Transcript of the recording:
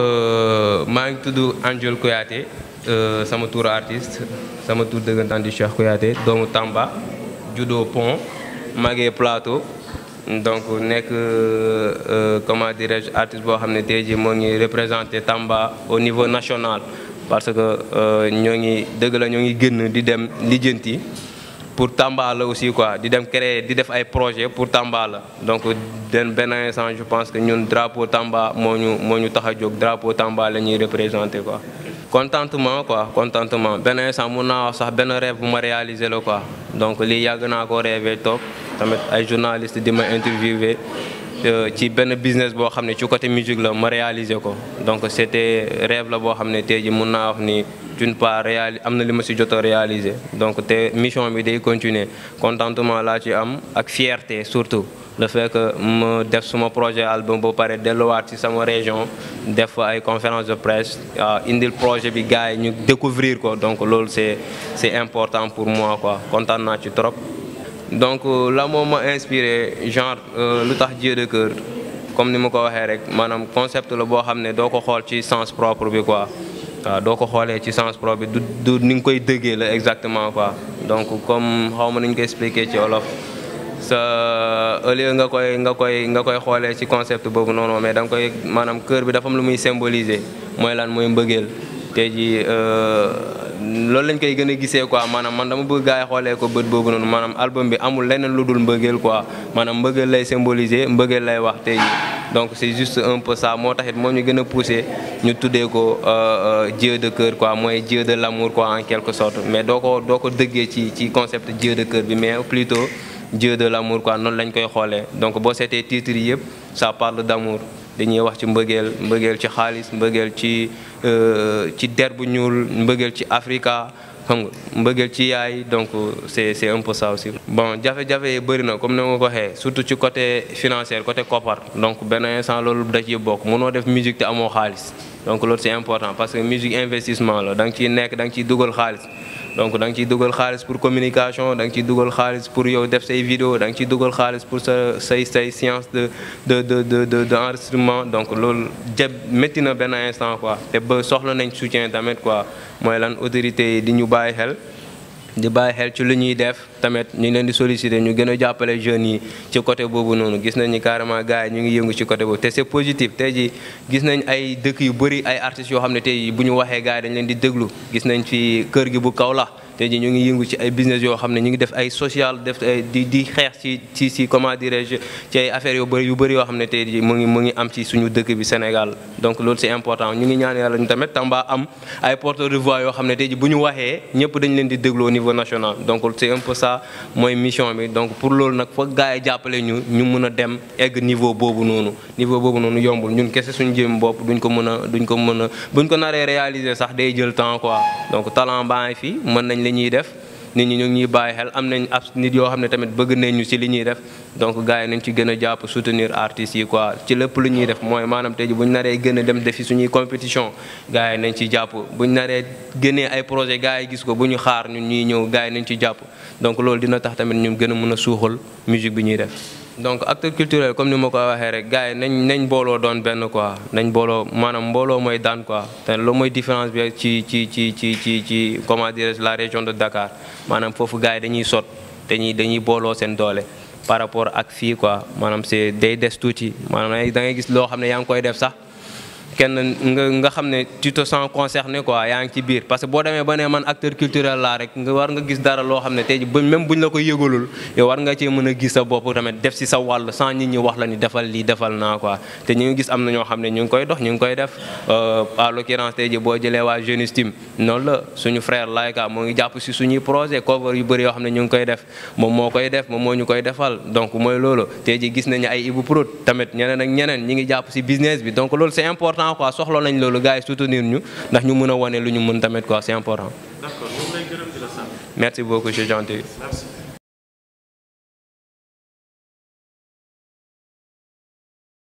Euh, maa ngi tudd Angel Kouyaté euh, sama tour artiste sama tour dëggantaan di Cheikh Kouyaté doomu Tamba judo pont magee plateau donc nekk euh, comment dirais-je artiste boo xam ne tey jii moo ngi représenté Tamba au niveau national parce que ñoo ngi dëgg la ñoo ngi génn di dem lijjanti pour Tamba la aussi quoi di dem créer di def ay projet pour Tamba la donc den benn instant je pense que ñun drapeau Tamba moo ñu moo ñu tax a jóg drapeau Tamba la ñuy représenté quoi. contentement quoi contentement benn instant mu naa sax benn rêve bu ma réaliser la quoi donc lii yàgg naa ko rêvé toog tamit ay journaliste di ma interviewé. Euh, ci benn business boo xam ne ci côté musique la ma réaliser ko donc c' était rêve la boo xam ne tey ji mun naa wax ni d'une part réali am na li ma si jot a réaliser donc te mission bi day continuer contentement laa ci am ak fierté surtout le fait que ma def suma projet album ba pare delluwaat ci sama région def ay conférence de presse indil projet bi gars yi ñu découvrir ko donc loolu c' est c' important pour moi quoi kontaan naa ci trop donc euh, la moo ma inspiré genre euh, lu tax Dieu de cœur comme ni ma ko waxee rek maanaam concept la boo xam ne doo ko xool ci sens propre bi quoi waaw doo ko xoolee ci sens propre bi du du ni nga koy dëggee la exactement quoi donc comme xaw ma nañu koy expliquer ci olof sa au nga koy nga koy nga koy xoolee ci concept boobu noonu mais da nga koy maanaam cœur bi dafa am lu muy symboliser mooy lan mooy mbëggeel tey jii euh, loolu lañ koy gën a gisee quoi maanaam man dama bëgg gars yi xoolee ko bët boobu noonu maanaam album bi amul leneen lu dul mbëggeel quoi maanaam mbëggeel lay symboliser mbëggeel lay wax tey donc c'est juste un peu ça moo taxit moo ñu gën a poussé ñu tuddee ko euh, euh, Dieu de cœur quoi mooy Dieu de l'amour quoi en quelque sorte mais doo ko doo ko dëggee ci ci concept Dieu de cœur bi mais plutôt Dieu de l'amour quoi noonu lañ koy xoolee donc boo seetee titres yi yëpp ça parle d'amour dañuy wax ci mbëggeel mbëggeel ci xaalis mbëggeel ci euh, ci der bu ñuul mbëggeel ci Africa xam nga mbëggeel ci yaay donc euh, c'est c'est un peu ça aussi. bon jafe-jafe yi bëri na comme ni ma ko waxee surtout ci côté financier côté koppar donc benn instant loolu da ciy bokk mënoo def musique te amoo xaalis donc loolu c'est important parce que musique investissement la da nga ciy nekk da nga ciy dugal xaalis. donc da nga ciy dugal xaalis pour communication da nga ciy dugal xaalis pour yow def say vidéo da nga dugal xaalis pour sa say say science de de de de de enregistrement donc loolu jëb métti na benn instant quoi te ba soxla nañ soutien tamit quoi mooy lan autorité yi di ñu bàyyi xel. di bàyyi xel ci lu ñuy def tamit ñu ngi leen di solliciter ñu gën a jàppale jeunes yi ci côté boobu noonu gis nañ ni carrément gars ñu ngi yëngu ci côté boobu te c'est positif tey ji gis nañ ay dëkk yu bëri ay artistes yoo xam ne tey bu ñu waxee gars yi dañ leen di déglu gis nañ fi kër gi bu kaw la tey jii ñu ngi yëngu ci ay business yoo xam ne ñu ngi def ay social def di xeex ci ci comment dirais-je ci ay affaires yu bëri yu yoo xam ne tey jii mu ngi mu ngi am ci suñu dëkk bi Sénégal donc loolu c'est important ñu ngi ñaan yàlla ñu tamit Tamba am ay porteurs de yoo xam ne tey jii bu ñu waxee ñëpp dañ leen di déglu au niveau national donc c'est un peu ça mooy mission bi donc pour loolu nag foog gars jàppale ñu ñu mën a dem egg niveau boobu noonu niveau boobu noonu yombul ñun kese suñu jëm bopp duñ ko mën a duñ ko mën a buñ ko naree réaliser sax day jël temps quoi li ñuy def nit ñi ñu ñuy bàyyi xel am nañ ab nit yoo xam ne tamit bëgg nañ ci li ñuy def donc gars yi ci gën a jàpp soutenir artistes yi quoi ci lépp lu ñuy def mooy maanaam tey ji bu ñu naree gën a dem defi suñuy compétition gars yi ci jàpp bu ñu naree génnee ay projet gars gis ko bu ñu xaar ñun ñuy ñëw gars yi ci jàpp donc loolu dina tax tamit ñu gën a mën a suuxal musique bi ñuy def donc acteur culturel comme ni ma ko waxee rek gars yi nañ nañ booloo doon benn quoi nañ booloo maanaam mbooloo mooy daan quoi te loolu mooy différence bi ci ci ci ci ci ci comment dirais-je la région de dakaar maanaam foofu gars yi dañuy sot dañuy dañuy booloo seen doole par rapport ak fii quoi maanaam c'est day des tuuti maanaam da ngay gis loo xam ne yaa ngi koy def sax. kenn nga nga xam ne tu te sens concerné quoi yaa ngi ci biir parce que boo demee ba ne man acteur culturel laa rek war nga gis dara loo xam ne tey ji même buñ la ko yëgalul yow war nga cee mën a gis sa bopp tamit def si sa wàll sans nit ñi wax la ni defal lii defal naa te ñu ngi gis am na ñoo xam ne ñu ngi koy dox ñu ngi koy def euh, à l'occurrence tey ji boo jëlee waa Jeune Estime noonu la suñu frère Laika moo ngi jàpp si suñuy projet cover yu bëri yoo xam ne ñu ngi koy def moom moo koy def moom moo ñu koy defal donc mooy loolu tey ji gis nañu ay Ibu tamit ñeneen ak ñeneen ñi ngi jàpp si business bi donc loolu c'est important important quoi soxla nañ loolu gars yi soutenir ñu ndax ñu mën a wane lu ñu mën tamit quoi c'est important. d'accord ñu ngi lay gërëm di la sant. merci beaucoup c'est gentil. merci.